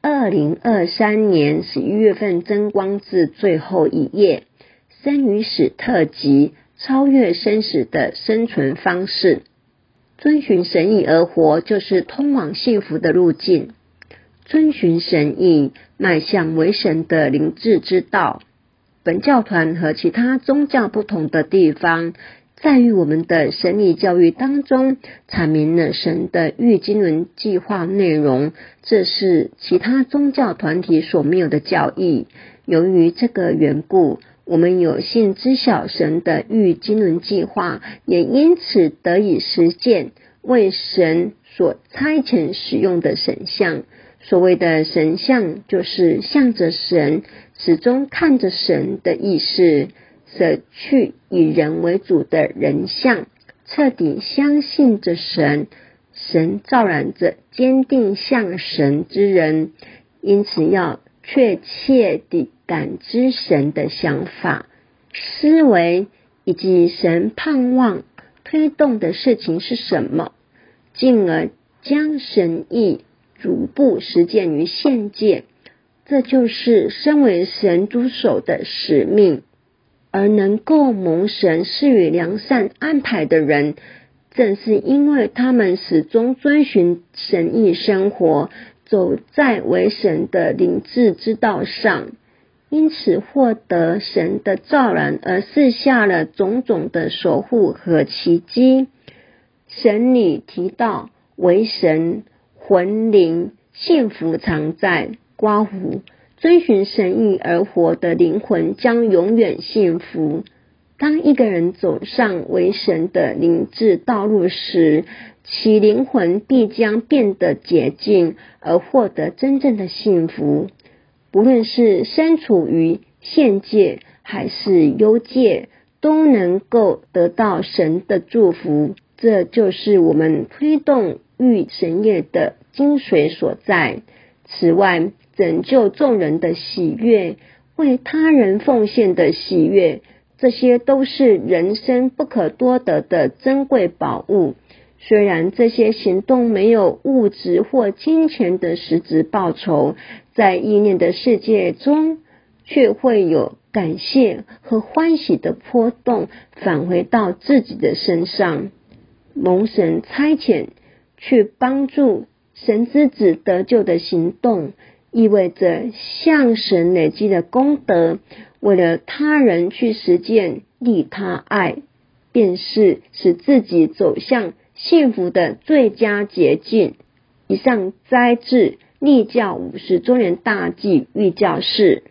二零二三年十一月份，真光誌最後一頁，《生與死特輯》：超越生死的生存方式，遵循神意而活，就是通往幸福的路徑。遵循神意，邁向為神的靈智之道。本教團和其他宗教不同的地方。在於我們的神理教育當中，闡明了神的玉經綸計劃內容，這是其他宗教團體所沒有的教義。由於這個緣故，我們有幸知曉神的玉經綸計劃，也因此得以實踐，為神所差遣使用的神像。所謂的神像，就是向着神、始終看着神的意思。捨去以人為主的人相，徹底相信着神，神造然着堅定向神之人，因此要確切地感知神的想法、思維以及神盼望推動的事情是什麼，進而將神意逐步實踐於現界。這就是身為神助手的使命。而能夠蒙神賜予良善安排的人，正是因為他們始終遵循神意生活，走在為神的靈智之道上，因此獲得神的召然，而賜下了種種的守護和奇蹟。神裡提到，為神魂靈幸福常在刮湖。遵循神意而活的靈魂將永遠幸福。當一個人走上為神的靈智道路時，其靈魂必將變得潔淨，而獲得真正的幸福。不論是身處於現界還是幽界，都能夠得到神的祝福。這就是我們推動御神業的精髓所在。此外，拯救眾人的喜悅，為他人奉獻的喜悅，這些都是人生不可多得的珍貴寶物。雖然這些行動沒有物質或金錢的實質報酬，在意念的世界中，卻會有感謝和歡喜的波動返回到自己的身上。蒙神差遣去幫助神之子得救的行動。意味着向神累積的功德，為了他人去實踐利他愛，便是使自己走向幸福的最佳捷徑。以上摘自《立教五十周年大祭御教示》。